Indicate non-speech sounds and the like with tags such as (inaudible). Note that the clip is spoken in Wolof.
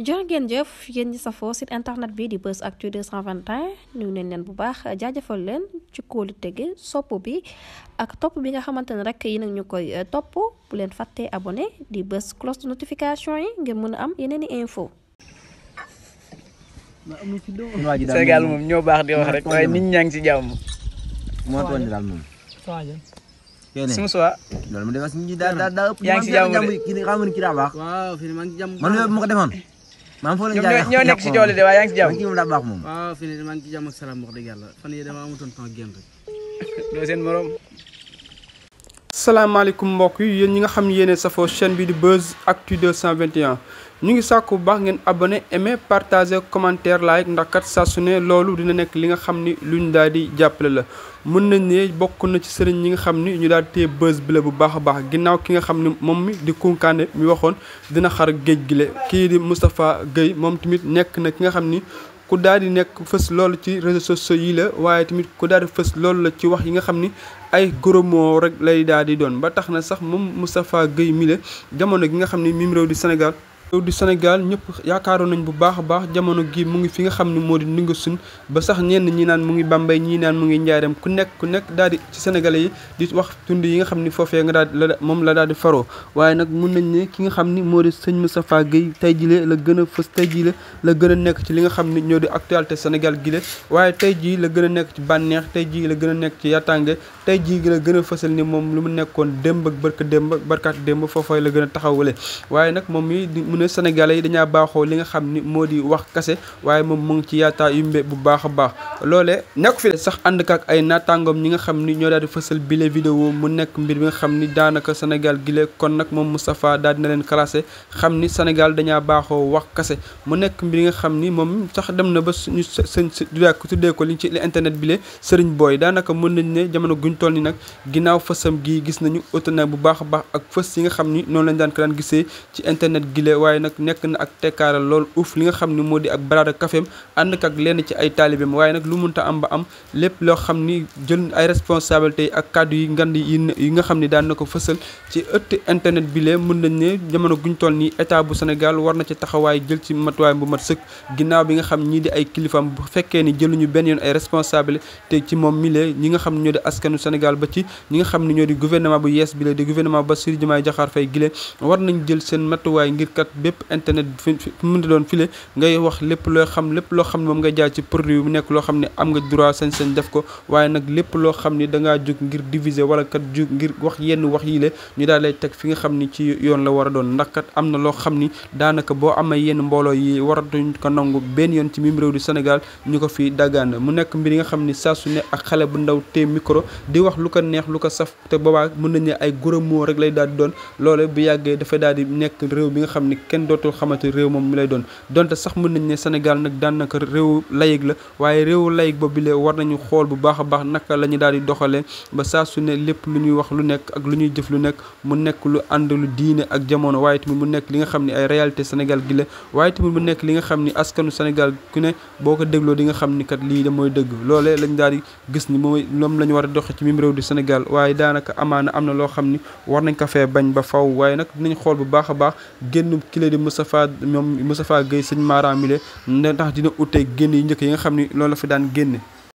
jërë ngeen jëf yéen ñi safoo site internet bi di bës de Buzz Actu 221 ñu neen leen bu baax jaajëfal leen ci kóolu tege sopp bi ak topp bi nga xamante ne rek yi nag ñu koy eh, topp bu leen fàttee abonné di bës cloche de notification yi ngeen mën a am yeneen i info Sénégal moom ñoo baax di wax rek waaye nit ñaa ngi ci jàmm moo tooñ daal moom sum suwa si daal daal daa ëpp yaa ngi ci jàmm de ki ki daa baax waaw fii maa ngi ci jàmm man loolu maam foo leen jaay ñoo nekk si jooli de waaye yaa ngi si jàmm ki moom daa baax moom waaw fii nii maa ngi ci jàmm ak (laughs) morom salaamaaleykum mbokk yi yéen ñi nga xam yéene safoo chaîne bi di Buzz vingt 221 ñu ngi sàkku bu baax ngeen abonné aimé partagé commentaire like ndax kat saa su ne loolu dina nekk li nga xam ni lu ñu daal di jàppale la mën nañ ne bokk na ci sëriñ ñi nga xam ni ñu daal di téye buzz bi la bu baax a baax ginnaaw ki nga xam ni moom mi di Kounkandé mi waxoon dina xar géej gile kii di Moustapha Guèye moom tamit nekk na ki nga xam ni ku daal di nekk fës loolu ci réseaux sociaux yi la waaye tamit ku daal di fës loolu la ci wax yi nga xam ni ay gros mots rek lay daal di doon ba tax na sax moom Moustapha Guèye mi la jamono gi nga xam ni mim réew di Sénégal réew di Sénégal ñëpp yaakaaroon nañ bu baax a baax jamono gi mu ngi fi nga xam ne moo di ndinga sun ba sax ñenn ñi naan mu ngi Bambey ñi naan mu ngi Njaareem ku nekk ku nekk daal di ci sénégalais yi di wax tund yi nga xam ni foofee nga daal la moom la daal di faro waaye nag mun nañ ne ki nga xam ni moo di sëñ Moustapha Guèye tey jile la gën a fës tey jile la gën a nekk ci li nga xam ni ñoo di actualité Sénégal gi la waaye tey jii la gën a nekk ci bànneex tey jii la gën a nekk ci yatange tey ji la gën a fësal ni moom lu mu nekkoon démb ak barka barkaat démb foofee la gën a taxawale waaye ne sénégalais yi dañaa baaxoo li nga xam ni moo di wax kase waaye moom mu ngi ci yaataa yumbe bu baax a baax loole nekk fi sax ànd ak ay naataangoom ñi nga xam ni ñoo daal di fësal bile vidéo mu nekk mbir bi nga xam ni daanaka sénégal gile kon nag moom Moustapha daal na leen classé xam ni sénégal dañaa baaxoo wax kase mu nekk mbir nga xam ni moom sax dem na ba suñu sëñ dudàk tuddee ko liñ ci internet bile sëriñ booy daanaka mën nañ ne jamono guñ toll ni nag ginnaaw fësam gii gis nañu ëtt na bu baax a baax ak fës yi nga xam ni noonu lañ daan ko gisee waaye nag nekk na ak tekkaaral lool uuf li nga xam ni moo di ak baraada kafeem ànd ak lenn ci ay taalibeem waaye nag lu munta am ba am lépp loo xam ni jël ay responsabilités tey ak kàddu yi ngand yi nga xam ni daan na ko fësal ci ëtt internet bi mën nañ ne jamono guñ toll nii état bu Sénégal war na ci taxawaay jël ci matuwaay bu mat sëkk ginnaaw bi nga xam ñii di ay kilifaam bu fekkee ni jëluñu benn yoon ay responsabilité te ci moom milee ñi nga xam ñoo di askanu Sénégal ba ci ñi nga xam ne ñoo di gouvernement bu yees bi lee di gouvernement Bassirou Diomaye Diakhar Faye gile war nañ jël seen matuwaay ngir kat bépp internet fi mu mënti doon file ngay wax lépp loo xam lépp loo xam ne moom nga jaay ci produit bi mu nekk loo xam ne am nga droit sañ-sañ def ko waaye nag lépp loo xam ni da ngaa jug ngir diviser wala kat jug ngir wax yenn wax yi la ñu daal lay teg fi nga xam ni ci yoon la war a doon ndax kat am na loo xam ni daanaka boo amee yenn mbooloo yi war waratuñ ko nangu benn yoon ci mim réew du Sénégal ñu ko fi daggaan mu nekk mbir yi nga xam ni saa su ne ak xale bu ndaw te micro di wax lu ko neex lu ko saf te boobaa mën nañ ay gros mots rek lay daal di doon loole bu yàggee dafay daal nga xam ni kenn dootul xamante réew moom mu lay doon donte sax mun nañ ne Sénégal nag daanaka réew layig la waaye réewu layig boobu le war nañu xool bu baax a baax naka la ñu daal di doxalee ba saa su ne lépp lu ñuy wax lu nekk ak lu ñuy jëf lu nekk mu nekk lu ànd diine ak jamono waaye mu nekk li nga xam ne ay réalité Sénégal gi waaye tamit mu nekk li nga xam ni askanu Sénégal ku ne boo ko dégloo di nga xam ni kat lii da mooy dëgg loolee lañ daal gis ni mooy moom la ñu war a doxe ci mim réew du Sénégal waaye daanaka amaana am na loo xam ni war nañ ko fee bañ ba faw waaye nag dinañ xool bu baax a baax génn kii la di Moustapha moom Moustapha Guèye sëñ Mara Mile ne tax dina ute génn yi njëkk yi nga xam ni loolu la fi daan génne